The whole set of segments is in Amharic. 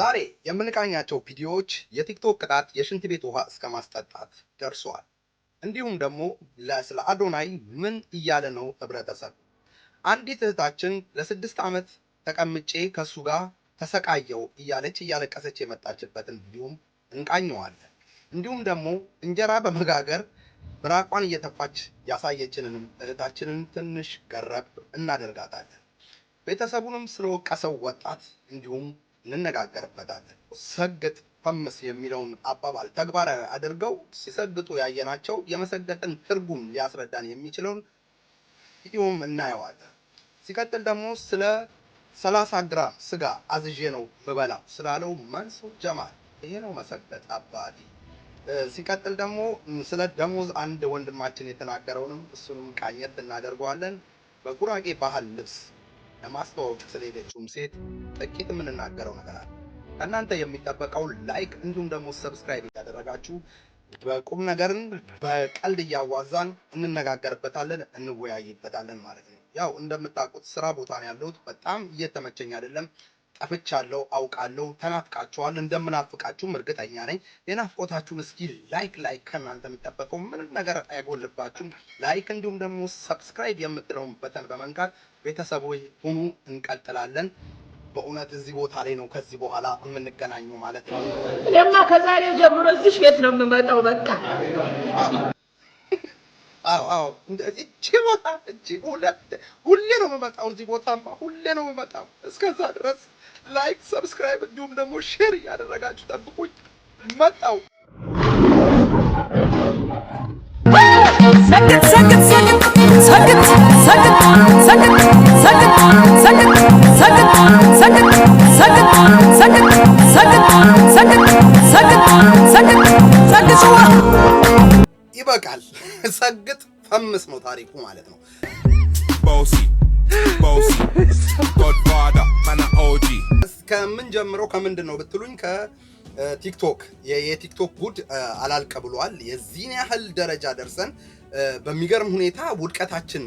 ዛሬ የምንቃኛቸው ቪዲዮዎች የቲክቶክ ቅጣት የሽንት ቤት ውሃ እስከ ማስጠጣት ደርሷል። እንዲሁም ደግሞ ስለ አዶናይ ምን እያለ ነው ህብረተሰብ። አንዲት እህታችን ለስድስት ዓመት ተቀምጬ ከእሱ ጋር ተሰቃየው እያለች እያለቀሰች የመጣችበትን እንዲሁም እንቃኘዋለን። እንዲሁም ደግሞ እንጀራ በመጋገር ብራቋን እየተፋች ያሳየችንንም እህታችንን ትንሽ ገረብ እናደርጋታለን። ቤተሰቡንም ስለወቀሰው ወጣት እንዲሁም እንነጋገርበታለን። ሰግጥ ፈምስ የሚለውን አባባል ተግባራዊ አድርገው ሲሰግጡ ያየናቸው የመሰገጥን ትርጉም ሊያስረዳን የሚችለውን ቪዲዮም እናየዋለን። ሲቀጥል ደግሞ ስለ ሰላሳ ግራም ስጋ አዝዤ ነው ምበላው ስላለው መንሱር ጀማል ይሄ ነው መሰገጥ አባዲ። ሲቀጥል ደግሞ ስለ ደሞዝ አንድ ወንድማችን የተናገረውንም እሱንም ቃኘት እናደርገዋለን። በጉራጌ ባህል ልብስ ለማስተዋወቅ ስለሄደችውም ሴት ጥቂት የምንናገረው ነገር አለ። ከእናንተ የሚጠበቀው ላይክ እንዲሁም ደግሞ ሰብስክራይብ እያደረጋችሁ በቁም ነገርን በቀልድ እያዋዛን እንነጋገርበታለን፣ እንወያይበታለን ማለት ነው። ያው እንደምታውቁት ስራ ቦታ ነው ያለሁት። በጣም እየተመቸኝ አይደለም። ጠፍቻለሁ አውቃለሁ። ተናፍቃችኋል፣ እንደምናፍቃችሁም እርግጠኛ ነኝ። የናፍቆታችሁን እስኪ ላይክ ላይክ ከእናንተ የሚጠበቀው ምንም ነገር አይጎልባችሁም። ላይክ እንዲሁም ደግሞ ሰብስክራይብ የምትለውን በተን በመንካት ቤተሰብ ሁኑ። እንቀጥላለን። በእውነት እዚህ ቦታ ላይ ነው ከዚህ በኋላ የምንገናኙ ማለት ነው። እኔማ ከዛሬ ጀምሮ እዚህ ቤት ነው የምመጣው። በቃ እቺ ቦታ እቺ ሁሌ ነው የምመጣው። እዚህ ቦታማ ሁሌ ነው የምመጣው። እስከዛ ድረስ ላይክ፣ ሰብስክራይብ እንዲሁም ደግሞ ሼር እያደረጋችሁ ጠብቁኝ። መጣው ይበቃል። ሰግጥ ፈምስ ነው ታሪኩ ማለት ነው። ቦሲ ቦሲ ጎድፋዳ ኦጂ ከምን ጀምረው ከምንድን ነው ብትሉኝ ከቲክቶክ የቲክቶክ ጉድ አላልቀ ብሏል። የዚህን ያህል ደረጃ ደርሰን በሚገርም ሁኔታ ውድቀታችን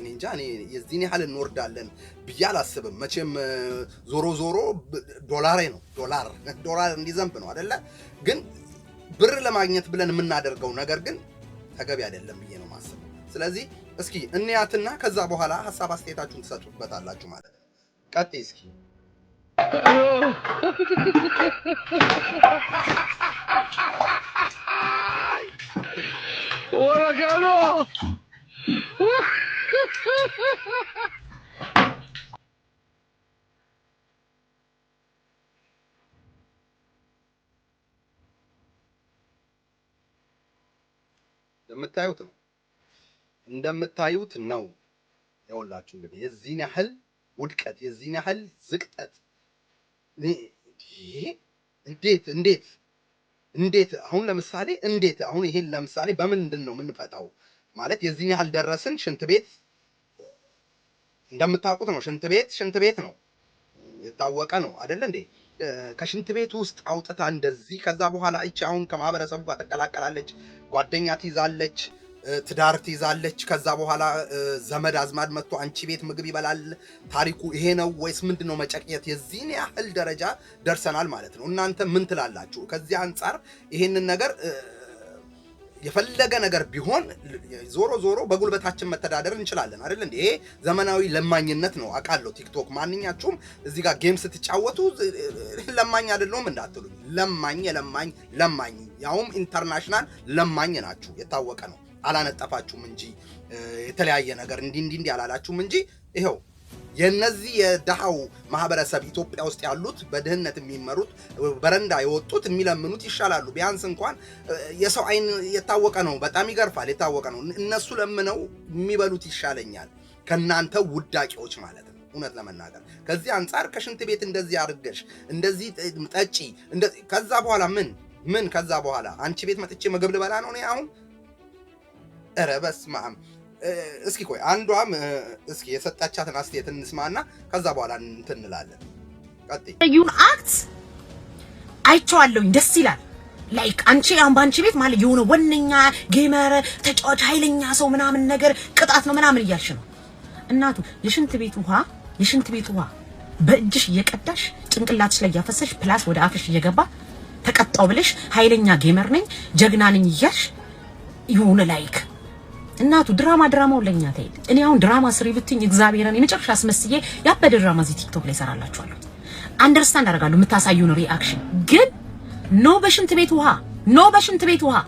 እኔ እንጃ እኔ የዚህን ያህል እንወርዳለን ብዬ አላስብም። መቼም ዞሮ ዞሮ ዶላሬ ነው ዶላር ዶላር እንዲዘንብ ነው አደለ? ግን ብር ለማግኘት ብለን የምናደርገው ነገር ግን ተገቢ አይደለም ብዬ ነው ማስበው። ስለዚህ እስኪ እንያትና ከዛ በኋላ ሀሳብ አስተያየታችሁን ትሰጡበታላችሁ ማለት ነው። ቀጥ እስኪ ¡Huracano! እንደምታዩት ነው እንደምታዩት ነው። ያውላችሁ እንግዲህ የዚህን ያህል ውድቀት የዚህን ያህል ዝቅጠት እንዴት እንዴት እንዴት አሁን ለምሳሌ እንዴት አሁን ይሄን ለምሳሌ በምንድን ነው የምንፈታው? ማለት የዚህን ያህል ደረስን። ሽንት ቤት እንደምታውቁት ነው። ሽንት ቤት ሽንት ቤት ነው፣ የታወቀ ነው አይደለ እንዴ? ከሽንት ቤት ውስጥ አውጥታ እንደዚህ ከዛ በኋላ እቺ አሁን ከማህበረሰቡ ጋር ትቀላቀላለች፣ ጓደኛ ትይዛለች። ትዳር ትይዛለች። ከዛ በኋላ ዘመድ አዝማድ መጥቶ አንቺ ቤት ምግብ ይበላል። ታሪኩ ይሄ ነው ወይስ ምንድን ነው? መጨቅየት የዚህን ያህል ደረጃ ደርሰናል ማለት ነው። እናንተ ምን ትላላችሁ? ከዚህ አንጻር ይሄንን ነገር የፈለገ ነገር ቢሆን ዞሮ ዞሮ በጉልበታችን መተዳደር እንችላለን አይደል እንዴ? ይሄ ዘመናዊ ለማኝነት ነው አውቃለሁ። ቲክቶክ ማንኛችሁም እዚህ ጋር ጌም ስትጫወቱ ለማኝ አይደለሁም እንዳትሉኝ። ለማኝ የለማኝ ለማኝ ያውም ኢንተርናሽናል ለማኝ ናችሁ፣ የታወቀ ነው። አላነጠፋችሁም እንጂ የተለያየ ነገር እንዲ እንዲ እንዲ አላላችሁም እንጂ ይኸው የነዚህ የድሃው ማህበረሰብ ኢትዮጵያ ውስጥ ያሉት በድህነት የሚመሩት በረንዳ የወጡት የሚለምኑት ይሻላሉ። ቢያንስ እንኳን የሰው አይን የታወቀ ነው፣ በጣም ይገርፋል፣ የታወቀ ነው። እነሱ ለምነው የሚበሉት ይሻለኛል ከእናንተ ውዳቂዎች ማለት ነው። እውነት ለመናገር ከዚህ አንጻር ከሽንት ቤት እንደዚህ አድርገሽ እንደዚህ ጠጪ፣ ከዛ በኋላ ምን ምን ከዛ በኋላ አንቺ ቤት መጥቼ ምግብ ልበላ ነው አሁን ኧረ በስመ አብ። እስኪ ቆይ አንዷም እስኪ የሰጣቻትን አስተያየት እንስማና ከዛ በኋላ እንትን እንላለን። ቀጥዩን አክት አይቼዋለሁኝ፣ ደስ ይላል። ላይክ አንቺ አሁን በአንቺ ቤት ማለት የሆነ ወነኛ ጌመር ተጫዋች ኃይለኛ ሰው ምናምን ነገር ቅጣት ነው ምናምን እያልሽ ነው። እናቱ የሽንት ቤት ውሃ የሽንት ቤት ውሃ በእጅሽ እየቀዳሽ ጭንቅላትሽ ላይ እያፈሰሽ ፕላስ ወደ አፍሽ እየገባ ተቀጣው ብለሽ ኃይለኛ ጌመር ነኝ ጀግና ነኝ እያልሽ የሆነ ላይክ እናቱ ድራማ ድራማው ለኛ ተይል። እኔ አሁን ድራማ ስሪ ብትኝ እግዚአብሔርን የመጨረሻ አስመስዬ ያበደ ድራማ እዚህ ቲክቶክ ላይ ሰራላችኋለሁ። አንደርስታንድ አደርጋለሁ የምታሳዩን ሪአክሽን ግን ኖ በሽንት ቤት ውሃ ኖ በሽንት ቤት ውሃ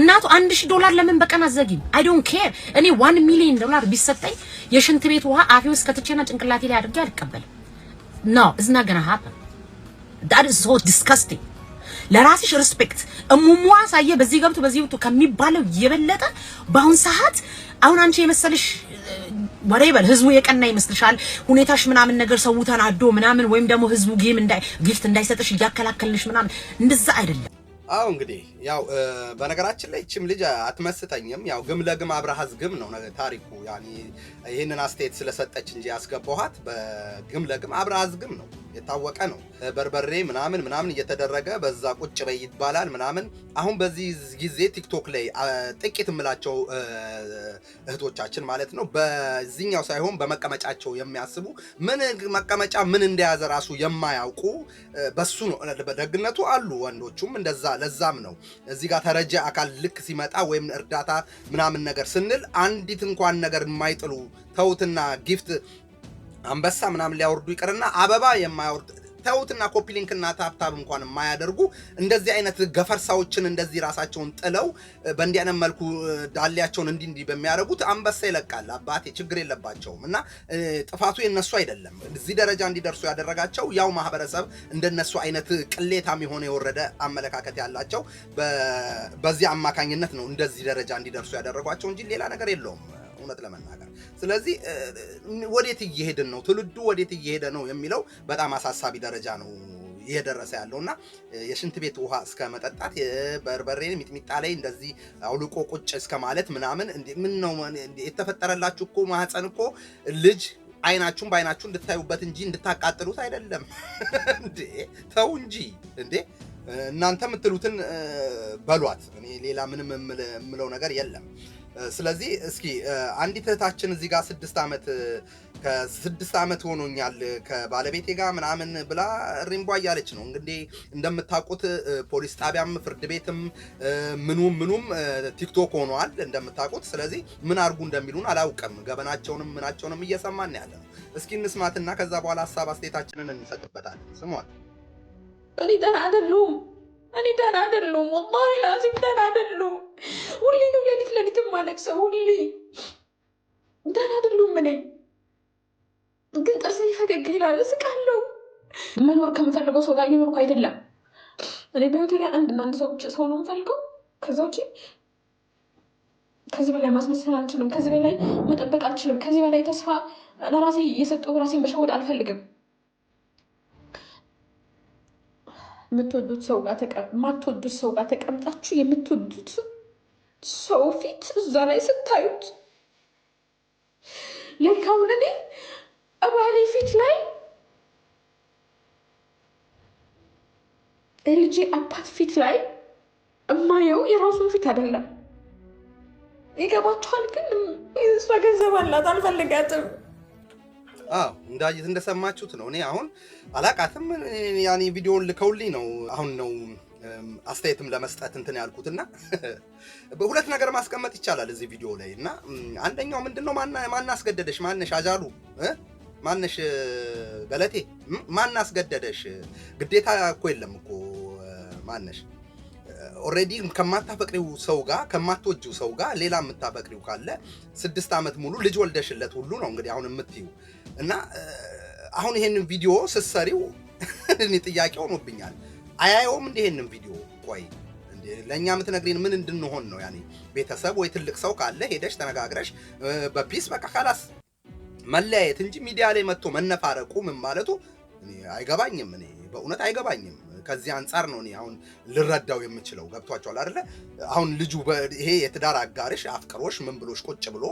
እናቱ አንድ ሺህ ዶላር ለምን በቀን አዘጊም? አይ ዶንት ኬር እኔ ዋን ሚሊዮን ዶላር ቢሰጠኝ የሽንት ቤት ውሃ አፌ ውስጥ ከትቼና ጭንቅላቴ ላይ አድርጌ አልቀበልም። ኖ ኢዝ ናት ጎና ሃፕን ዳት ኢዝ ሶ ዲስካስቲንግ ለራስሽ ሪስፔክት እሙሟ ሳየ በዚህ ገብቶ በዚህ ወጥቶ ከሚባለው የበለጠ በአሁን ሰዓት አሁን አንቺ የመሰልሽ ወሬ በል ህዝቡ የቀና ይመስልሻል? ሁኔታሽ ምናምን ነገር ሰው ተናዶ ምናምን ወይም ደግሞ ህዝቡ ጌም እንዳይ ጊፍት እንዳይሰጥሽ እያከላከልሽ ምናምን እንደዛ አይደለም። አው እንግዲህ ያው በነገራችን ላይ ችም ልጅ አትመስጠኝም። ያው ግም ለግም አብረሃዝ ግም ነው ታሪኩ። ይህንን አስተያየት ስለሰጠች እንጂ ያስገባኋት በግም ለግም አብረሃዝ ግም ነው። የታወቀ ነው። በርበሬ ምናምን ምናምን እየተደረገ በዛ ቁጭ በይ ይባላል ምናምን። አሁን በዚህ ጊዜ ቲክቶክ ላይ ጥቂት የምላቸው እህቶቻችን ማለት ነው በዚህኛው ሳይሆን በመቀመጫቸው የሚያስቡ ምን መቀመጫ ምን እንደያዘ ራሱ የማያውቁ በሱ ነው በደግነቱ አሉ። ወንዶቹም እንደዛ ለዛም ነው እዚህ ጋር ተረጀ አካል ልክ ሲመጣ ወይም እርዳታ ምናምን ነገር ስንል አንዲት እንኳን ነገር የማይጥሉ ተውትና ጊፍት አንበሳ ምናምን ሊያወርዱ ይቅርና አበባ የማያወርድ ተውትና ኮፒ ሊንክና እንኳን የማያደርጉ እንደዚህ አይነት ገፈርሳዎችን እንደዚህ ራሳቸውን ጥለው በእንዲህ አይነት መልኩ ዳሌያቸውን እንዲህ እንዲህ በሚያደርጉት አንበሳ ይለቃል። አባቴ ችግር የለባቸውም እና ጥፋቱ የነሱ አይደለም። እዚህ ደረጃ እንዲደርሱ ያደረጋቸው ያው ማህበረሰብ እንደነሱ አይነት ቅሌታም የሆነ የወረደ አመለካከት ያላቸው በዚህ አማካኝነት ነው እንደዚህ ደረጃ እንዲደርሱ ያደረጓቸው እንጂ ሌላ ነገር የለውም። እውነት ለመናገር ስለዚህ ወዴት እየሄድን ነው? ትውልዱ ወዴት እየሄደ ነው የሚለው በጣም አሳሳቢ ደረጃ ነው እየደረሰ ያለው እና የሽንት ቤት ውሃ እስከ መጠጣት የበርበሬን ሚጥሚጣ ላይ እንደዚህ አውልቆ ቁጭ እስከ ማለት ምናምን ምን ነው የተፈጠረላችሁ እኮ ማህፀን እኮ ልጅ አይናችሁን በአይናችሁ እንድታዩበት እንጂ እንድታቃጥሉት አይደለም። እንዴ ተው እንጂ እንዴ እናንተ የምትሉትን በሏት። እኔ ሌላ ምንም የምለው ነገር የለም። ስለዚህ እስኪ አንዲት እህታችን እዚህ ጋር ስድስት ዓመት ከስድስት ዓመት ሆኖኛል ከባለቤቴ ጋር ምናምን ብላ ሪምቧ እያለች ነው እንግዲህ እንደምታውቁት ፖሊስ ጣቢያም ፍርድ ቤትም ምኑም ምኑም ቲክቶክ ሆኗል እንደምታውቁት ስለዚህ ምን አድርጉ እንደሚሉን አላውቅም ገበናቸውንም ምናቸውንም እየሰማን ያለ እስኪ እንስማትና ከዛ በኋላ ሀሳብ አስተያየታችንን እንሰጥበታለን ስሟል እኔ ደህና አይደሉም እኔ ደህና አይደሉም ወላሂ ላዚም ደህና ሁሌ ነው ለሊት ለሊት ማለቅሰው። ሁሌ ደህና አይደሉም። እኔ ግን ጥርሴ ፈገግ ይላል፣ እስቃለሁ። መኖር ከምፈልገው ሰው ጋር እየኖርኩ አይደለም። እኔ በህይወቴ ላይ አንድ እና አንድ ሰው ብቻ ሰው ነው የምፈልገው። ከዛ ውጭ ከዚህ በላይ ማስመሰል አልችልም። ከዚህ በላይ መጠበቅ አልችልም። ከዚህ በላይ ተስፋ ለራሴ እየሰጠው ራሴን መሸወድ አልፈልግም። የምትወዱት ሰው ጋር ተቀምጣችሁ የምትወዱት ሰው ፊት እዛ ላይ ስታዩት ለካውን እኔ እባሌ ፊት ላይ የልጄ አባት ፊት ላይ እማየው የራሱን ፊት አይደለም። ይገባችኋል? ግን እሷ ገንዘብ አላት፣ አልፈልጋትም። አዎ እንዳየት እንደሰማችሁት ነው። እኔ አሁን አላቃትም። ያኔ ቪዲዮን ልከውልኝ ነው አሁን ነው አስተያየትም ለመስጠት እንትን ያልኩትና በሁለት ነገር ማስቀመጥ ይቻላል እዚህ ቪዲዮ ላይ እና አንደኛው ምንድነው ማናስገደደሽ ማነሽ አጃሉ ማነሽ ገለቴ ማናስገደደሽ ግዴታ እኮ የለም እኮ ማነሽ ኦልሬዲ ከማታፈቅሪው ሰው ጋር ከማትወጂው ሰው ጋር ሌላ የምታፈቅሪው ካለ ስድስት ዓመት ሙሉ ልጅ ወልደሽለት ሁሉ ነው እንግዲህ አሁን የምትዩ እና አሁን ይሄንን ቪዲዮ ስትሰሪው እኔ ጥያቄ ሆኖብኛል አያየውም። እንዲህንም ቪዲዮ ቆይ ለእኛ የምትነግሪን ምን እንድንሆን ነው? ያኔ ቤተሰብ ወይ ትልቅ ሰው ካለ ሄደሽ ተነጋግረሽ በፒስ በቃ ካላስ መለያየት እንጂ ሚዲያ ላይ መጥቶ መነፋረቁ ምን ማለቱ አይገባኝም። እኔ በእውነት አይገባኝም። ከዚህ አንጻር ነው እኔ አሁን ልረዳው የምችለው። ገብቷቸዋል አይደለ? አሁን ልጁ ይሄ የትዳር አጋርሽ አፍቅሮሽ ምን ብሎሽ ቁጭ ብሎ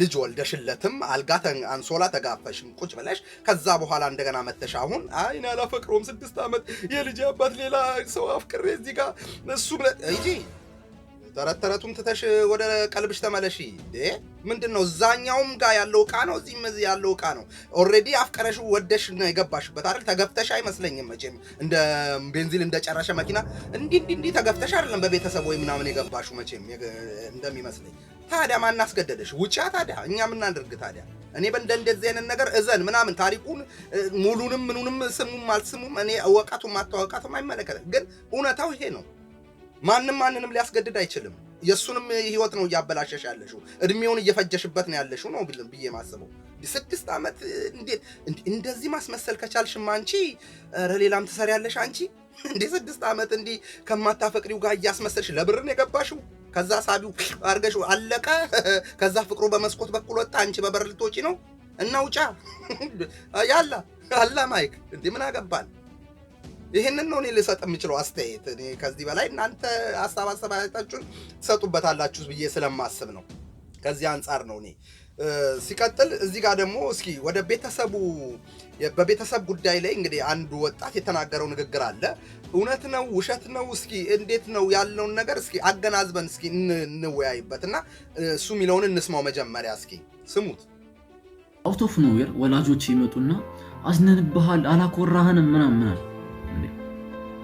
ልጅ ወልደሽለትም አልጋ አንሶላ ተጋፈሽም ቁጭ ብለሽ ከዛ በኋላ እንደገና መተሽ አሁን አይን አላፈቅሮም ስድስት ዓመት የልጅ አባት ሌላ ሰው አፍቅሬ እዚህ ጋር እሱ ተረት ተረቱን ትተሽ ወደ ቀልብሽ ተመለሺ። ምንድን ነው እዛኛውም ጋር ያለው እቃ ነው፣ እዚህም እዚህ ያለው እቃ ነው። ኦልሬዲ አፍቀረሽ ወደሽ ነው የገባሽበት አይደል? ተገፍተሽ አይመስለኝም መቼም እንደ ቤንዚል እንደጨረሸ መኪና እንዲህ እንዲህ እንዲህ ተገፍተሽ አይደለም በቤተሰብ ወይ ምናምን የገባሽው መቼም እንደሚመስለኝ። ታዲያ ማን አስገደደሽ? ውጫ። ታዲያ እኛ ምናደርግ ታዲያ? እኔ በእንደ እንደዚህ አይነት ነገር እዘን ምናምን ታሪኩን ሙሉንም ምኑንም ስሙም አልስሙም እኔ እወቃቱም አታወቃቱም አይመለከትም። ግን እውነታው ይሄ ነው። ማንም ማንንም ሊያስገድድ አይችልም። የእሱንም ህይወት ነው እያበላሸሽ ያለሽው፣ እድሜውን እየፈጀሽበት ነው ያለሽው ነው ብዬ ማስበው። ስድስት ዓመት እንዴት እንደዚህ ማስመሰል ከቻልሽማ አንቺ ኧረ ሌላም ትሰሪያለሽ አንቺ እንዴ ስድስት ዓመት እንዲህ ከማታፈቅሪው ጋር እያስመሰልሽ ለብርን የገባሽው ከዛ ሳቢው አርገሽ አለቀ። ከዛ ፍቅሩ በመስኮት በኩል ወጣ፣ አንቺ በበር ልትወጪ ነው እና ውጫ ያላ አላ ማይክ እንዲህ ምን አገባል ይህንን ነው እኔ ልሰጥ የምችለው አስተያየት። እኔ ከዚህ በላይ እናንተ ሀሳብ አስተያየታችሁን ትሰጡበታላችሁ ብዬ ስለማስብ ነው። ከዚህ አንጻር ነው እኔ ሲቀጥል እዚህ ጋር ደግሞ እስኪ ወደ ቤተሰቡ በቤተሰብ ጉዳይ ላይ እንግዲህ አንዱ ወጣት የተናገረው ንግግር አለ። እውነት ነው ውሸት ነው? እስኪ እንዴት ነው ያለውን ነገር እስኪ አገናዝበን እስኪ እንወያይበት እና እሱ የሚለውን እንስማው። መጀመሪያ እስኪ ስሙት። አውት ኦፍ ኖዌር ወላጆች ይመጡና አዝነንብሃል፣ አላኮራህንም ምናምናል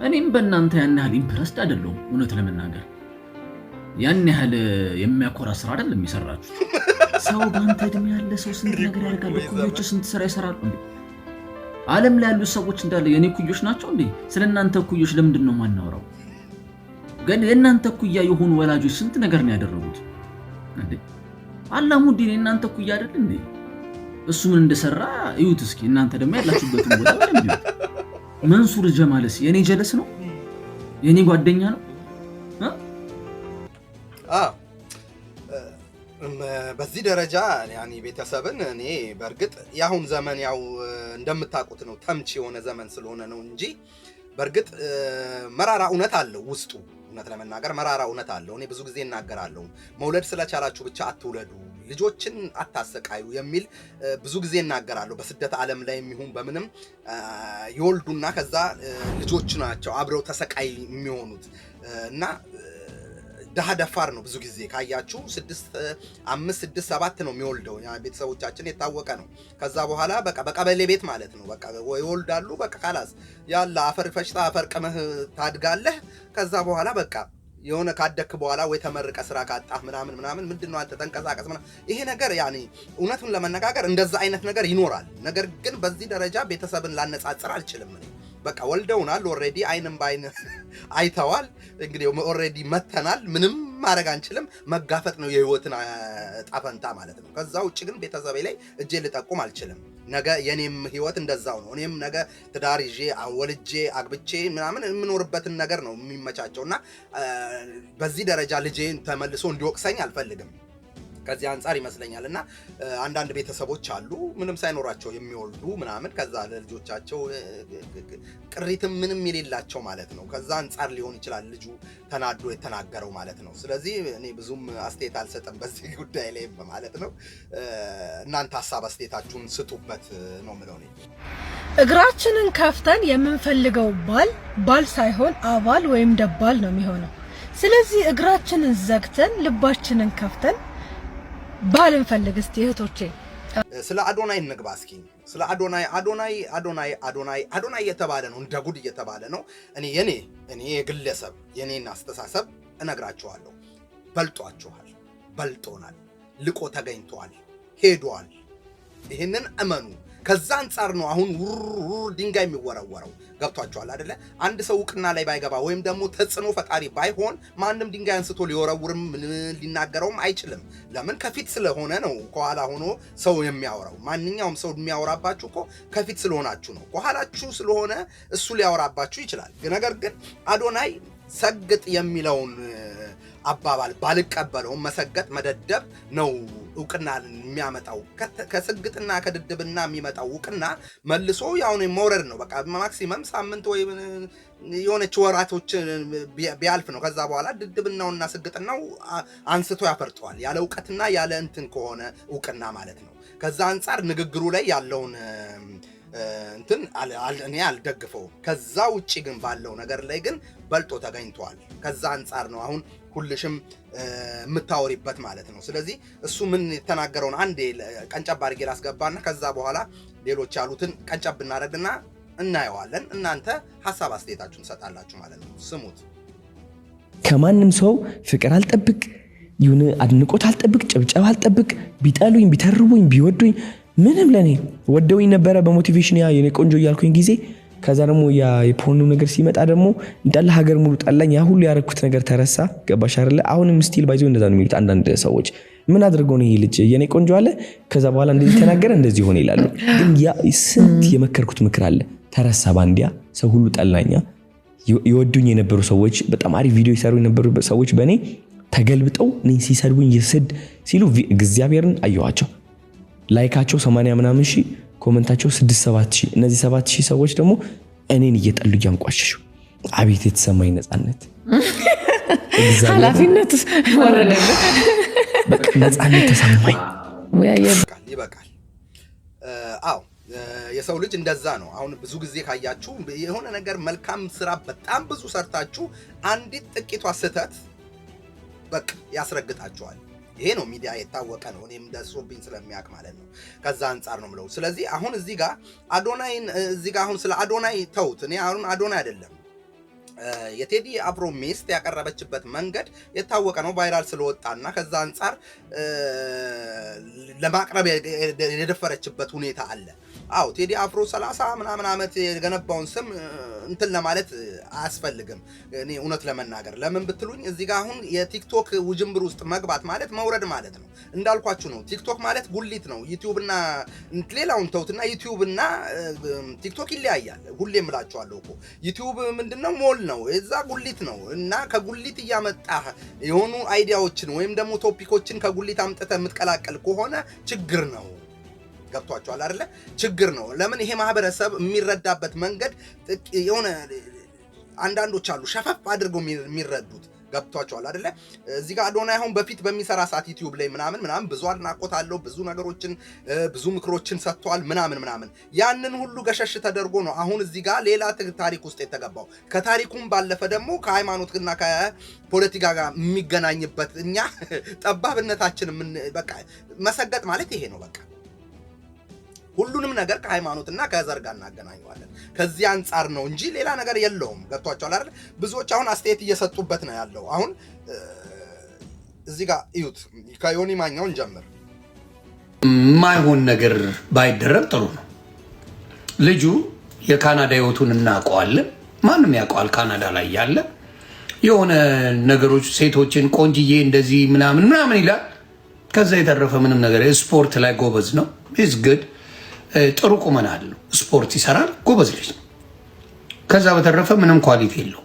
እኔም በእናንተ ያን ያህል ኢምፕረስድ አይደለሁም። እውነት ለመናገር ያን ያህል የሚያኮራ ስራ አይደለም የሰራችሁ። ሰው በአንተ እድሜ ያለ ሰው ስንት ነገር ያደርጋል። ኩዮች ስንት ስራ እንዴ? አለም ላይ ያሉት ሰዎች እንዳለ የእኔ ኩዮች ናቸው እንዴ? ስለ እናንተ ኩዮች ለምንድን ነው ማናወራው? ግን የእናንተ ኩያ የሆኑ ወላጆች ስንት ነገር ነው ያደረጉት። አላሙዲን የእናንተ ኩያ አይደል እንዴ? እሱ ምን እንደሰራ እዩት እስኪ። እናንተ ደግሞ ያላችሁበትን ቦታ መንሱር ጀማልስ የኔ ጀለስ ነው የኔ ጓደኛ ነው። በዚህ ደረጃ ቤተሰብን እኔ በእርግጥ የአሁን ዘመን ያው እንደምታውቁት ነው ተምች የሆነ ዘመን ስለሆነ ነው እንጂ በእርግጥ መራራ እውነት አለው ውስጡ። እውነት ለመናገር መራራ እውነት አለው። እኔ ብዙ ጊዜ እናገራለሁ፣ መውለድ ስለቻላችሁ ብቻ አትውለዱ ልጆችን አታሰቃዩ የሚል ብዙ ጊዜ እናገራለሁ። በስደት ዓለም ላይ የሚሆን በምንም ይወልዱና ከዛ ልጆቹ ናቸው አብረው ተሰቃይ የሚሆኑት እና ድሃ ደፋር ነው። ብዙ ጊዜ ካያችሁ ስድስት አምስት ስድስት ሰባት ነው የሚወልደው ቤተሰቦቻችን የታወቀ ነው። ከዛ በኋላ በቃ በቀበሌ ቤት ማለት ነው በቃ ይወልዳሉ። በቃ ካላስ ያለ አፈር ፈጭታ አፈር ቅመህ ታድጋለህ። ከዛ በኋላ በቃ የሆነ ካደክ በኋላ ወይ ተመርቀ ስራ ካጣህ ምናምን ምናምን ምንድን ነው አንተ ተንቀሳቀስ ምናምን። ይሄ ነገር ያኔ እውነቱን ለመነጋገር እንደዛ አይነት ነገር ይኖራል። ነገር ግን በዚህ ደረጃ ቤተሰብን ላነጻጽር አልችልም። በቃ ወልደውናል፣ ኦልሬዲ አይንም በአይን አይተዋል። እንግዲህ ኦልሬዲ መተናል ምንም ማድረግ አንችልም። መጋፈጥ ነው የህይወትን ጣፈንታ ማለት ነው። ከዛ ውጭ ግን ቤተሰቤ ላይ እጄ ልጠቁም አልችልም። ነገ የኔም ህይወት እንደዛው ነው። እኔም ነገ ትዳር ይዤ ወልጄ አግብቼ ምናምን የምኖርበትን ነገር ነው የሚመቻቸው እና በዚህ ደረጃ ልጄን ተመልሶ እንዲወቅሰኝ አልፈልግም። ከዚህ አንጻር ይመስለኛል እና አንዳንድ ቤተሰቦች አሉ ምንም ሳይኖራቸው የሚወልዱ ምናምን ከዛ ለልጆቻቸው ቅሪትም ምንም የሌላቸው ማለት ነው። ከዛ አንጻር ሊሆን ይችላል ልጁ ተናዶ የተናገረው ማለት ነው። ስለዚህ እኔ ብዙም አስተያየት አልሰጥም በዚህ ጉዳይ ላይ ማለት ነው። እናንተ ሀሳብ አስተያየታችሁን ስጡበት ነው ምለው እግራችንን ከፍተን የምንፈልገው ባል ባል ሳይሆን አባል ወይም ደባል ነው የሚሆነው። ስለዚህ እግራችንን ዘግተን ልባችንን ከፍተን ባል እንፈልግ እስቲ እህቶቼ። ስለ አዶናይ እንግባ እስኪ። ስለ አዶናይ አዶናይ አዶናይ አዶናይ አዶናይ እየተባለ ነው፣ እንደ ጉድ እየተባለ ነው። እኔ የኔ እኔ የግለሰብ የኔን አስተሳሰብ እነግራችኋለሁ። በልጧችኋል፣ በልጦናል፣ ልቆ ተገኝተዋል፣ ሄዷል። ይህንን እመኑ። ከዛ አንጻር ነው አሁን ውር ድንጋይ የሚወረወረው። ገብቷቸዋል አደለ? አንድ ሰው እውቅና ላይ ባይገባ ወይም ደግሞ ተጽዕኖ ፈጣሪ ባይሆን ማንም ድንጋይ አንስቶ ሊወረውርም ሊናገረውም አይችልም። ለምን? ከፊት ስለሆነ ነው። ከኋላ ሆኖ ሰው የሚያወራው ማንኛውም ሰው የሚያወራባችሁ እኮ ከፊት ስለሆናችሁ ነው። ከኋላችሁ ስለሆነ እሱ ሊያወራባችሁ ይችላል። ነገር ግን አዶናይ ሰግጥ የሚለውን አባባል ባልቀበለውም መሰገጥ መደደብ ነው እውቅና የሚያመጣው ከስግጥና ከድድብና የሚመጣው እውቅና መልሶ ያሁን መውረድ ነው። በቃ ማክሲመም ሳምንት ወይ የሆነች ወራቶች ቢያልፍ ነው። ከዛ በኋላ ድድብናውና ስግጥናው አንስቶ ያፈርጠዋል። ያለ እውቀትና ያለ እንትን ከሆነ እውቅና ማለት ነው። ከዛ አንጻር ንግግሩ ላይ ያለውን እንትን እኔ አልደግፈውም። ከዛ ውጭ ግን ባለው ነገር ላይ ግን በልጦ ተገኝተዋል። ከዛ አንጻር ነው አሁን ሁልሽም የምታወሪበት ማለት ነው። ስለዚህ እሱ ምን የተናገረውን አንዴ ቀንጨብ አድርጌ ላስገባና ከዛ በኋላ ሌሎች ያሉትን ቀንጨብ እናደርግና እናየዋለን። እናንተ ሀሳብ አስተያየታችሁን ትሰጣላችሁ ማለት ነው። ስሙት። ከማንም ሰው ፍቅር አልጠብቅ፣ ይሁን አድንቆት አልጠብቅ፣ ጭብጨባ አልጠብቅ። ቢጠሉኝ፣ ቢተርቡኝ፣ ቢወዱኝ ምንም ለእኔ ወደውኝ ነበረ በሞቲቬሽን ያ የኔ ቆንጆ እያልኩኝ ጊዜ ከዛ ደግሞ የፖኑ ነገር ሲመጣ ደግሞ እንዳለ ሀገር ሙሉ ጠላኝ። ያ ሁሉ ያረግኩት ነገር ተረሳ። ገባሽ አይደለ? አሁንም ስቲል ባይዞ እንደዛ ነው የሚሉት አንዳንድ ሰዎች። ምን አድርገው ነው ይሄ ልጅ የኔ ቆንጆ አለ፣ ከዛ በኋላ እንደዚህ ተናገረ፣ እንደዚህ ሆነ ይላሉ። ግን ያ ስንት የመከርኩት ምክር አለ ተረሳ። ባንዲያ ሰው ሁሉ ጠላኛ። የወዱኝ የነበሩ ሰዎች፣ በጣም አሪፍ ቪዲዮ ይሰሩ የነበሩ ሰዎች በእኔ ተገልብጠው እኔን ሲሰድቡኝ፣ ስድ ሲሉ እግዚአብሔርን አየኋቸው። ላይካቸው 80 ምናምን ሺ ኮመንታቸው 67 ሺ እነዚህ 7 ሺ ሰዎች ደግሞ እኔን እየጠሉ እያንቋሸሹ አቤት የተሰማኝ ነፃነት ሀላፊነት ወረደልህ። ነፃነት ተሰማኝ። ይበቃል። አዎ የሰው ልጅ እንደዛ ነው። አሁን ብዙ ጊዜ ካያችሁ የሆነ ነገር መልካም ስራ በጣም ብዙ ሰርታችሁ አንዲት ጥቂቷ ስህተት በቃ ያስረግጣችኋል። ይሄ ነው ሚዲያ የታወቀ ነው። እኔም ደርሶብኝ ስለሚያውቅ ማለት ነው። ከዛ አንጻር ነው ምለው። ስለዚህ አሁን እዚህ ጋር አዶናይን እዚህ ጋር አሁን ስለ አዶናይ ተውት። እኔ አሁን አዶናይ አይደለም የቴዲ አፍሮ ሚስት ያቀረበችበት መንገድ የታወቀ ነው። ቫይራል ስለወጣና ከዛ አንጻር ለማቅረብ የደፈረችበት ሁኔታ አለ። አው ቴዲ አፍሮ 30 ምናምን ዓመት የገነባውን ስም እንትን ለማለት አያስፈልግም። እኔ እውነት ለመናገር ለምን ብትሉኝ እዚህ ጋር አሁን የቲክቶክ ውጅንብር ውስጥ መግባት ማለት መውረድ ማለት ነው። እንዳልኳችሁ ነው። ቲክቶክ ማለት ጉሊት ነው። ዩቲዩብና ሌላውን ተውትና ዩቲዩብና ቲክቶክ ይለያያል። ሁሌ እምላችኋለሁ እኮ ዩቲዩብ ምንድነው ሞል ነው፣ እዛ ጉሊት ነው። እና ከጉሊት እያመጣ የሆኑ አይዲያዎችን ወይም ደግሞ ቶፒኮችን ከጉሊት አምጥተ የምትቀላቀል ከሆነ ችግር ነው። ገብቷቸዋል አይደለ? ችግር ነው። ለምን ይሄ ማህበረሰብ የሚረዳበት መንገድ የሆነ አንዳንዶች አሉ ሸፈፍ አድርገው የሚረዱት ገብቷቸዋል አይደለ? እዚህ ጋር አዶናይ አሁን በፊት በሚሰራ ሰዓት ዩቲዩብ ላይ ምናምን ምናምን ብዙ አድናቆት አለው፣ ብዙ ነገሮችን ብዙ ምክሮችን ሰጥተዋል ምናምን ምናምን። ያንን ሁሉ ገሸሽ ተደርጎ ነው አሁን እዚህ ጋር ሌላ ታሪክ ውስጥ የተገባው። ከታሪኩም ባለፈ ደግሞ ከሃይማኖትና ከፖለቲካ ጋር የሚገናኝበት እኛ ጠባብነታችን በቃ መሰገጥ ማለት ይሄ ነው በቃ ሁሉንም ነገር ከሃይማኖትና ከዘር ጋር እናገናኘዋለን። ከዚህ አንጻር ነው እንጂ ሌላ ነገር የለውም። ገብቷቸዋል አይደል? ብዙዎች አሁን አስተያየት እየሰጡበት ነው ያለው። አሁን እዚህ ጋር እዩት። ከዮኒ ማኛውን ጀምር። የማይሆን ነገር ባይደረግ ጥሩ ነው። ልጁ የካናዳ ህይወቱን እናውቀዋለን። ማንም ያውቀዋል። ካናዳ ላይ ያለ የሆነ ነገሮች ሴቶችን ቆንጅዬ እንደዚህ ምናምን ምናምን ይላል። ከዛ የተረፈ ምንም ነገር ስፖርት ላይ ጎበዝ ነው ግድ ጥሩ ቁመና አለው፣ ስፖርት ይሰራል፣ ጎበዝ ልጅ ነው። ከዛ በተረፈ ምንም ኳሊቲ የለው።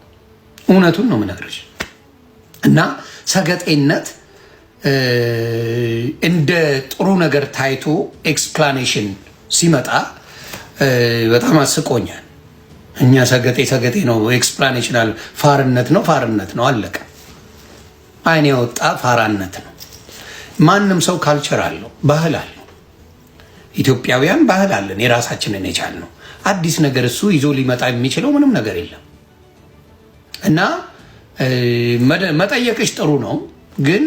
እውነቱን ነው የምነግርሽ። እና ሰገጤነት እንደ ጥሩ ነገር ታይቶ ኤክስፕላኔሽን ሲመጣ በጣም አስቆኛል። እኛ ሰገጤ ሰገጤ ነው፣ ኤክስፕላኔሽን አለ። ፋርነት ነው፣ ፋርነት ነው፣ አለቀ። አይን የወጣ ፋራነት ነው። ማንም ሰው ካልቸር አለው፣ ባህል አለው። ኢትዮጵያውያን ባህል አለን፣ የራሳችንን የቻል ነው። አዲስ ነገር እሱ ይዞ ሊመጣ የሚችለው ምንም ነገር የለም እና መጠየቅሽ ጥሩ ነው፣ ግን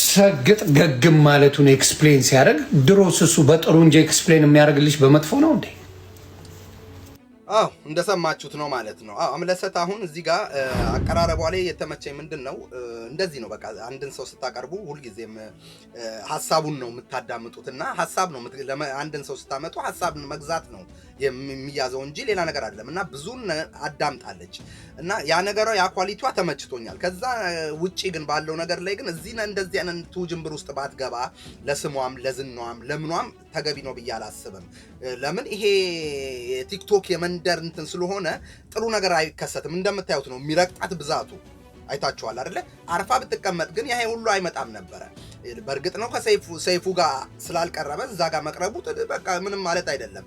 ሰግጥ ገግም ማለቱን ኤክስፕሌን ሲያደርግ ድሮስ እሱ በጥሩ እንጂ ኤክስፕሌን የሚያደርግልሽ በመጥፎ ነው እንዴ? አዎ እንደሰማችሁት ነው ማለት ነው። አዎ አምለሰት አሁን እዚህ ጋር አቀራረቧ ላይ የተመቸኝ ምንድን ነው፣ እንደዚህ ነው በቃ። አንድን ሰው ስታቀርቡ ሁልጊዜም ሀሳቡን ነው የምታዳምጡት እና ሀሳብ ነው አንድን ሰው ስታመጡ ሀሳብን መግዛት ነው የሚያዘው እንጂ ሌላ ነገር አይደለም። እና ብዙ አዳምጣለች እና ያ ነገሯ ያ ኳሊቲዋ ተመችቶኛል። ከዛ ውጪ ግን ባለው ነገር ላይ ግን እዚህ እንደዚህ አይነት ጅምብር ውስጥ ባትገባ ለስሟም፣ ለዝናዋም፣ ለምኗም ተገቢ ነው ብዬ አላስብም። ለምን ይሄ ቲክቶክ የመንደር እንትን ስለሆነ ጥሩ ነገር አይከሰትም። እንደምታዩት ነው የሚረቅጣት ብዛቱ አይታችኋል አይደለ? አርፋ ብትቀመጥ ግን ይሄ ሁሉ አይመጣም ነበረ። በእርግጥ ነው ከሰይፉ ሰይፉ ጋር ስላልቀረበ እዛ ጋር መቅረቡ በቃ ምንም ማለት አይደለም።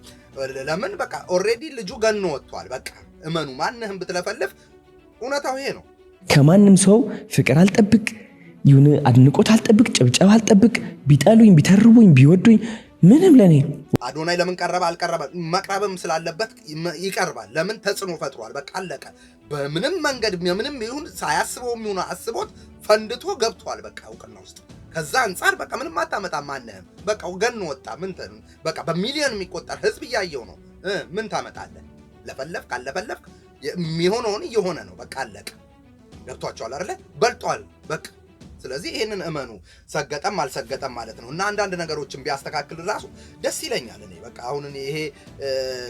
ለምን በቃ ኦልሬዲ ልጁ ገኖ ወጥቷል። በቃ እመኑ፣ ማንህም ብትለፈልፍ እውነታው ይሄ ነው። ከማንም ሰው ፍቅር አልጠብቅ፣ ይሁን አድንቆት አልጠብቅ፣ ጭብጨባ አልጠብቅ። ቢጠሉኝ፣ ቢተርቡኝ፣ ቢወዱኝ ምንም ለኔ አዶናይ ለምን ቀረበ አልቀረበ መቅረብም ስላለበት ይቀርባል። ለምን ተጽዕኖ ፈጥሯል። በቃ አለቀ። በምንም መንገድ ምንም ይሁን ሳያስበው የሚሆነ አስቦት ፈንድቶ ገብቷል። በቃ እውቅና ውስጥ ከዛ አንጻር በቃ ምንም አታመጣ ማንህም በቃ ገን ወጣ ምን በቃ በሚሊዮን የሚቆጠር ህዝብ እያየው ነው። ምን ታመጣለህ? ለፈለፍክ አለፈለፍክ የሚሆነውን እየሆነ ነው። በቃ አለቀ። ገብቷቸዋል አለ በልጧል በቃ ስለዚህ ይህንን እመኑ። ሰገጠም አልሰገጠም ማለት ነው እና አንዳንድ ነገሮችን ቢያስተካክል ራሱ ደስ ይለኛል። እኔ በቃ አሁን እኔ ይሄ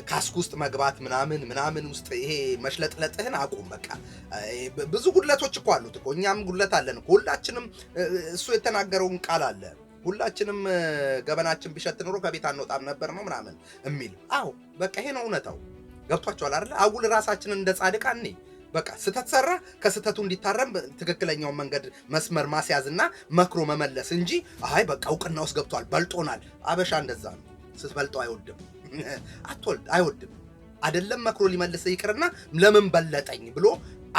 ካስክ ውስጥ መግባት ምናምን ምናምን ውስጥ ይሄ መሽለጥለጥህን አቁም። በቃ ብዙ ጉድለቶች እኮ አሉት እኮ እኛም ጉድለት አለን እኮ ሁላችንም። እሱ የተናገረውን ቃል አለ ሁላችንም ገበናችን ቢሸት ኖሮ ከቤት አንወጣም ነበር ነው ምናምን የሚል አዎ፣ በቃ ይሄ ነው እውነታው። ገብቷቸዋል አይደለ? አጉል ራሳችንን እንደ ጻድቃን በቃ ስህተት ሰራ፣ ከስህተቱ እንዲታረም ትክክለኛውን መንገድ መስመር ማስያዝና መክሮ መመለስ እንጂ አይ በቃ እውቅና ውስጥ ገብቷል በልጦናል። አበሻ እንደዛ ነው። ስትበልጠው አይወድም፣ አትወልድ አይወድም። አይደለም መክሮ ሊመልስ ይቅርና ለምን በለጠኝ ብሎ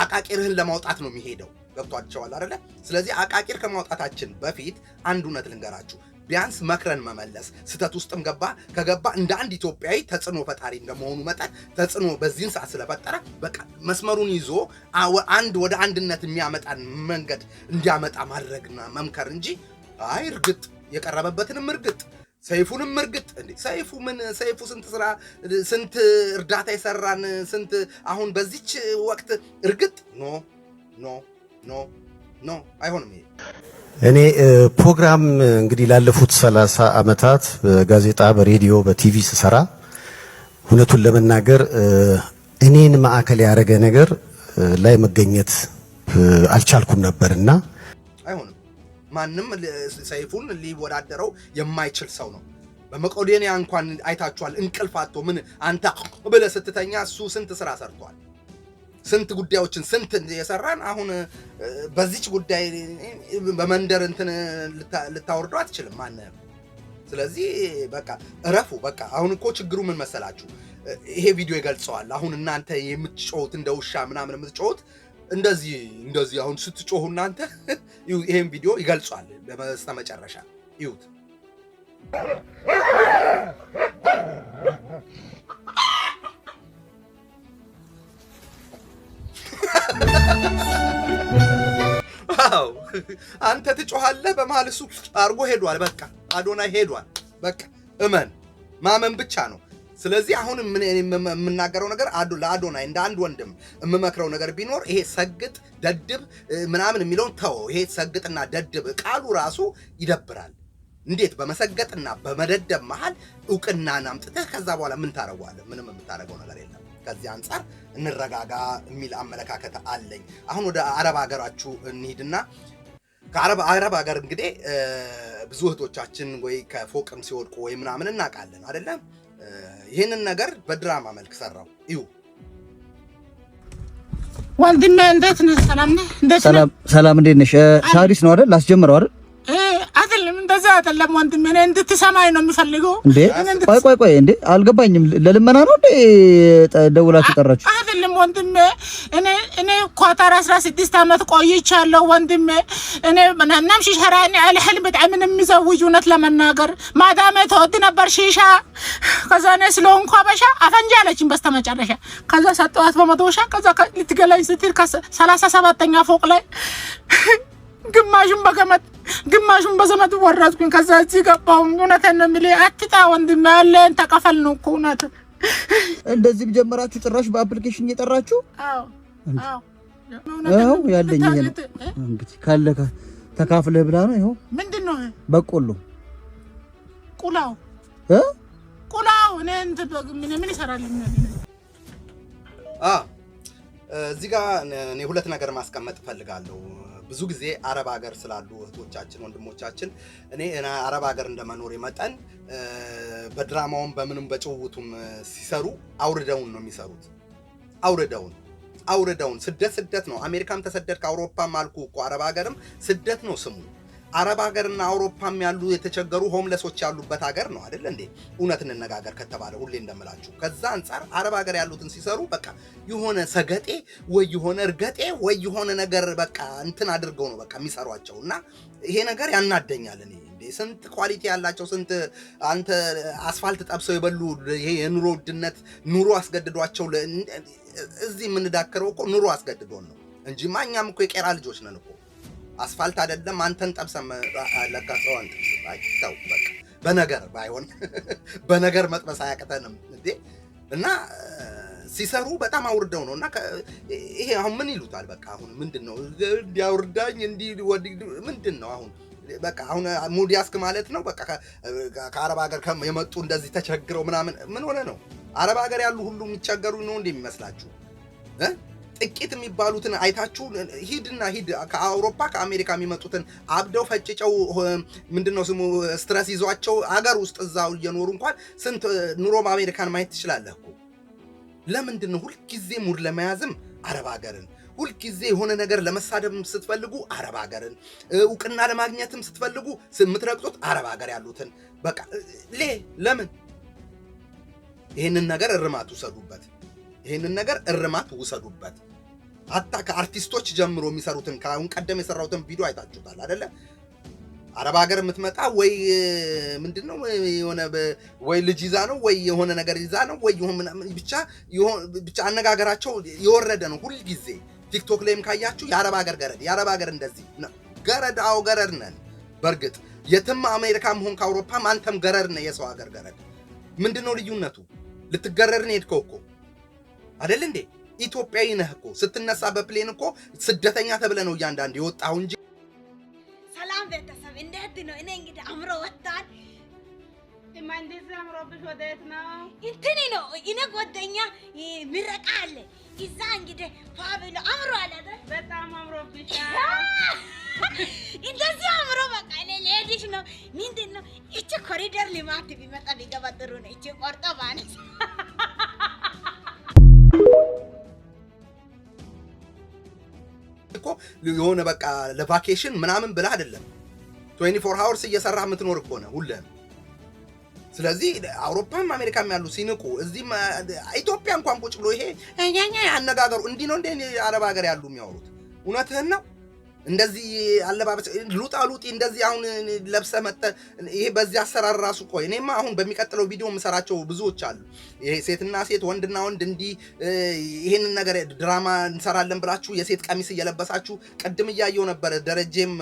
አቃቂርህን ለማውጣት ነው የሚሄደው። ገብቷቸዋል አይደለ? ስለዚህ አቃቂር ከማውጣታችን በፊት አንድ እውነት ልንገራችሁ። ቢያንስ መክረን መመለስ። ስህተት ውስጥም ገባ ከገባ እንደ አንድ ኢትዮጵያዊ ተጽዕኖ ፈጣሪ እንደመሆኑ መጠን ተጽዕኖ በዚህን ሰዓት ስለፈጠረ በቃ መስመሩን ይዞ አንድ ወደ አንድነት የሚያመጣን መንገድ እንዲያመጣ ማድረግና መምከር እንጂ አይ እርግጥ የቀረበበትንም እርግጥ ሰይፉንም እርግጥ እንዴ ሰይፉ ምን ሰይፉ ስንት ስራ ስንት እርዳታ የሰራን ስንት አሁን በዚች ወቅት እርግጥ ኖ ኖ ኖ ኖ አይሆንም። ይሄ እኔ ፕሮግራም እንግዲህ ላለፉት ሰላሳ ዓመታት በጋዜጣ በሬዲዮ በቲቪ ስሰራ እውነቱን ለመናገር እኔን ማዕከል ያደረገ ነገር ላይ መገኘት አልቻልኩም ነበርና አይሆንም። ማንም ሰይፉን ሊወዳደረው የማይችል ሰው ነው። በመቄዶንያ እንኳን አይታችኋል። እንቅልፍ አጥቶ ምን አንተ ብለህ ስትተኛ እሱ ስንት ስራ ሰርቷል። ስንት ጉዳዮችን ስንት የሰራን አሁን በዚች ጉዳይ በመንደር እንትን ልታወርደው አትችልም ማንም። ስለዚህ በቃ እረፉ። በቃ አሁን እኮ ችግሩ ምን መሰላችሁ? ይሄ ቪዲዮ ይገልጸዋል። አሁን እናንተ የምትጮሁት እንደ ውሻ ምናምን የምትጮሁት እንደዚህ እንደዚህ አሁን ስትጮሁ እናንተ ይሄን ቪዲዮ ይገልጿል። መጨረሻ ይዩት። አዎ አንተ ትጮኻለህ። በመሀል እሱ አድርጎ ሄዷል። በቃ አዶናይ ሄዷል። በቃ እመን፣ ማመን ብቻ ነው። ስለዚህ አሁን የምናገረው ነገር ለአዶናይ እንደ አንድ ወንድም የምመክረው ነገር ቢኖር ይሄ ሰግጥ ደድብ ምናምን የሚለውን ተወው። ይሄ ሰግጥና ደድብ ቃሉ ራሱ ይደብራል። እንዴት በመሰገጥና በመደደብ መሀል እውቅናን አምጥተህ ከዛ በኋላ ምን ታረጓለህ? ምንም የምታደርገው ነገር የለም። ከዚህ አንጻር እንረጋጋ የሚል አመለካከት አለኝ። አሁን ወደ አረብ ሀገራችሁ እንሂድና ከአረብ አረብ ሀገር እንግዲህ ብዙ እህቶቻችን ወይ ከፎቅም ሲወድቁ ወይ ምናምን እናውቃለን አይደለም። ይህንን ነገር በድራማ መልክ ሰራው ይሁ ዋልድና እንዴት ነህ? ሰላም ነህ? ሰላም፣ እንዴት ነሽ? ሳሪስ ነው አይደል? ላስጀምረው አይደል አይደለም እንደዛ አይደለም ወንድሜ፣ እኔ እንድትሰማኝ ነው የሚፈልገው። ቆይ ቆይ ቆይ፣ እንዴ አልገባኝም። ለልመና ነው እንዴ ደውላችሁ ጠራችሁ? አይደለም ወንድሜ፣ እኔ እኔ ኳታር 16 ዓመት ቆይቻለሁ ወንድሜ። እኔ ምናናም ሺሻ ራኒ አልህል በጣም የሚዘውጅ እውነት ለመናገር ማዳሜ ተወድ ነበር ሺሻ። ከዛ እኔ ስለሆንኩ አበሻ አፈንጃ አለችኝ በስተመጨረሻ። ከዛ ሰጠዋት በመቶሻ። ከዛ ልትገላኝ ስትል ከሰላሳ ሰባተኛ ፎቅ ላይ ግማሹን በገመድ ግማሹን በዘመድ ወረድኩኝ። ከዛ እዚህ ገባሁ። እውነቴን ነው የምልህ። አትጣ ወንድም ያለን ተቀፈል ነው እኮ እውነት። እንደዚህ ጀመራችሁ? ጭራሽ በአፕሊኬሽን እየጠራችሁ ያለኝ እንግዲህ ካለ ተካፍለህ ብላ ነው። ይኸው ምንድን ነው በቆሎ ቁላው እ ቁላው እኔ እንትን ምን ይሰራል? እዚህ ጋር እኔ ሁለት ነገር ማስቀመጥ እፈልጋለሁ። ብዙ ጊዜ አረብ ሀገር ስላሉ እህቶቻችን ወንድሞቻችን እኔ አረብ ሀገር እንደመኖር መጠን በድራማውም በምንም በጭውቱም ሲሰሩ አውርደውን ነው የሚሰሩት። አውርደውን አውርደውን ስደት ስደት ነው። አሜሪካም ተሰደድክ አውሮፓም አልኩ እኮ አረብ ሀገርም ስደት ነው ስሙ። አረብ ሀገርና አውሮፓም ያሉ የተቸገሩ ሆምለሶች ያሉበት ሀገር ነው አይደል እንዴ? እውነት እንነጋገር ከተባለ ሁሌ እንደምላችሁ ከዛ አንጻር አረብ ሀገር ያሉትን ሲሰሩ በቃ የሆነ ሰገጤ ወይ የሆነ እርገጤ ወይ የሆነ ነገር በቃ እንትን አድርገው ነው በቃ የሚሰሯቸው እና ይሄ ነገር ያናደኛል። እኔ ስንት ኳሊቲ ያላቸው ስንት አንተ አስፋልት ጠብሰው የበሉ ይሄ የኑሮ ውድነት ኑሮ አስገድዷቸው እዚህ የምንዳክረው እኮ ኑሮ አስገድዶን ነው እንጂ ማኛም እኮ የቄራ ልጆች ነን እኮ አስፋልት አይደለም። አንተን ጠብሰም ለካ ሰው በቃ በነገር ባይሆን በነገር መጥበስ አያቅተንም እንዴ እና ሲሰሩ በጣም አውርደው ነው እና ይሄ አሁን ምን ይሉታል? በቃ አሁን ምንድን ነው እንዲያውርዳኝ እንዲህ ምንድን ነው አሁን በቃ አሁን ሙዲያስክ ማለት ነው። በቃ ከአረብ ሀገር የመጡ እንደዚህ ተቸግረው ምናምን ምን ሆነ ነው? አረብ ሀገር ያሉ ሁሉ የሚቸገሩ ነው እንዲህ የሚመስላችሁ? ጥቂት የሚባሉትን አይታችሁ ሂድና ሂድ ከአውሮፓ ከአሜሪካ የሚመጡትን አብደው ፈጭጨው ምንድነው ስሙ ስትረስ ይዟቸው አገር ውስጥ እዛው እየኖሩ እንኳን ስንት ኑሮም አሜሪካን ማየት ትችላለህ ለምንድነው ሁልጊዜ ሙድ ለመያዝም አረብ ሀገርን ሁልጊዜ የሆነ ነገር ለመሳደብ ስትፈልጉ አረብ ሀገርን፣ እውቅና ለማግኘትም ስትፈልጉ የምትረግጡት አረብ ሀገር ያሉትን በቃ ሌ ለምን ይህንን ነገር እርማት ውሰዱበት። ይህንን ነገር እርማት ውሰዱበት። አታ ከአርቲስቶች ጀምሮ የሚሰሩትን ከአሁን ቀደም የሰራሁትን ቪዲዮ አይታችሁታል አደለ? አረብ ሀገር የምትመጣ ወይ ምንድን ነው የሆነ ወይ ልጅ ይዛ ነው ወይ የሆነ ነገር ይዛ ነው ወይ ብቻ ብቻ አነጋገራቸው የወረደ ነው። ሁልጊዜ ቲክቶክ ላይም ካያችሁ የአረብ ሀገር ገረድ፣ የአረብ ሀገር እንደዚህ ገረድ። አዎ ገረድ ነን። በእርግጥ የትም አሜሪካ መሆን ከአውሮፓም አንተም ገረድ ነ የሰው ሀገር ገረድ። ምንድን ነው ልዩነቱ? ልትገረድን ሄድከው እኮ አይደል እንዴ? ኢትዮጵያዊ ነህ እኮ ስትነሳ በፕሌን እኮ ስደተኛ ተብለ ነው እያንዳንድ የወጣሁ እንጂ። ሰላም ቤተሰብ እንዴት ነው? እኔ እንግዲህ አምሮ ወጣን። እንደዚህ አምሮብሽ ወደት ነው? እንትን ነው እኔ ጓደኛ ምረቃ አለ እዛ እንግዲህ ፋብሎ አምሮ አለ። በጣም አምሮብሽ እንደዚህ አምሮ በቃ እኔ ሌዲሽ ነው። ምንድን ነው እቺ ኮሪደር ልማት ቢመጣ ቢገባ ጥሩ ነው። እቺ ቆርጦ ባነስ እኮ የሆነ በቃ ለቫኬሽን ምናምን ብላ አይደለም። 24 ሀወርስ እየሰራ የምትኖር እኮ ነው ሁለን። ስለዚህ አውሮፓም አሜሪካም ያሉ ሲንቁ፣ እዚህም ኢትዮጵያ እንኳን ቁጭ ብሎ ይሄ አነጋገሩ እንዲህ ነው እንደ አረብ ሀገር ያሉ የሚያወሩት እውነትህን ነው። እንደዚህ አለባበስ ሉጣ ሉጢ እንደዚህ አሁን ለብሰ መጠ ይሄ በዚህ አሰራር ራሱ ቆይ እኔማ አሁን በሚቀጥለው ቪዲዮ የምሰራቸው ብዙዎች አሉ። ይሄ ሴትና ሴት ወንድና ወንድ እንዲህ ይህንን ነገር ድራማ እንሰራለን ብላችሁ የሴት ቀሚስ እየለበሳችሁ ቅድም እያየው ነበረ። ደረጀም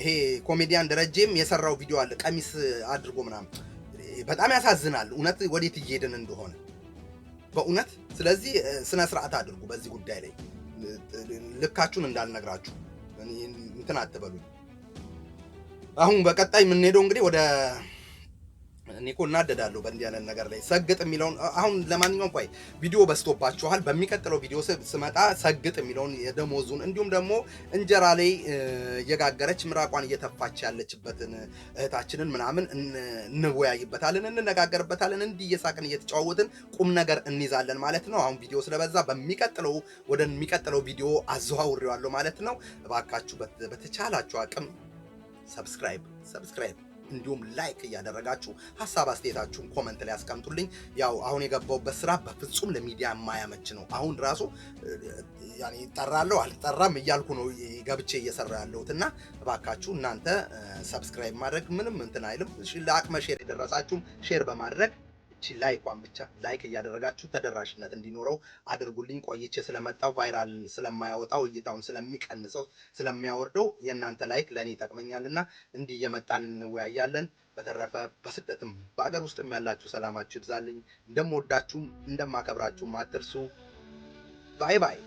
ይሄ ኮሜዲያን ደረጀም የሰራው ቪዲዮ አለ ቀሚስ አድርጎ ምናምን። በጣም ያሳዝናል እውነት ወዴት እየሄድን እንደሆነ በእውነት። ስለዚህ ስነ ስርዓት አድርጉ በዚህ ጉዳይ ላይ ልካችሁን እንዳልነግራችሁ እንትን አትበሉኝ። አሁን በቀጣይ የምንሄደው እንግዲህ ወደ እኔ እኮ እናደዳለሁ በእንዲህ አይነት ነገር ላይ ሰግጥ የሚለውን አሁን ለማንኛውም ቆይ ቪዲዮ በስቶባችኋል። በሚቀጥለው ቪዲዮ ስመጣ ሰግጥ የሚለውን የደሞዙን እንዲሁም ደግሞ እንጀራ ላይ እየጋገረች ምራቋን እየተፋች ያለችበትን እህታችንን ምናምን እንወያይበታለን፣ እንነጋገርበታለን። እንዲህ እየሳቅን እየተጫዋወትን ቁም ነገር እንይዛለን ማለት ነው። አሁን ቪዲዮ ስለበዛ በሚቀጥለው ወደሚቀጥለው ቪዲዮ አዘዋውሬዋለሁ ማለት ነው። እባካችሁ በተቻላችሁ አቅም ሰብስክራይብ ሰብስክራይብ እንዲሁም ላይክ እያደረጋችሁ ሀሳብ አስተያየታችሁን ኮመንት ላይ አስቀምጡልኝ ያው አሁን የገባሁበት ስራ በፍጹም ለሚዲያ የማያመች ነው። አሁን ራሱ ጠራለሁ አልጠራም እያልኩ ነው ገብቼ እየሰራ ያለሁት እና እባካችሁ እናንተ ሰብስክራይብ ማድረግ ምንም እንትን አይልም። ለአቅመ ሼር የደረሳችሁም ሼር በማድረግ እቺ ላይኳን ብቻ ላይክ እያደረጋችሁ ተደራሽነት እንዲኖረው አድርጉልኝ። ቆይቼ ስለመጣው ቫይራል ስለማያወጣው እይታውን ስለሚቀንሰው ስለሚያወርደው የእናንተ ላይክ ለእኔ ይጠቅመኛልና እንዲህ እየመጣን እንወያያለን። በተረፈ በስደትም በአገር ውስጥም ያላችሁ ሰላማችሁ ይብዛልኝ። እንደምወዳችሁም እንደማከብራችሁም አትርሱ። ባይ ባይ።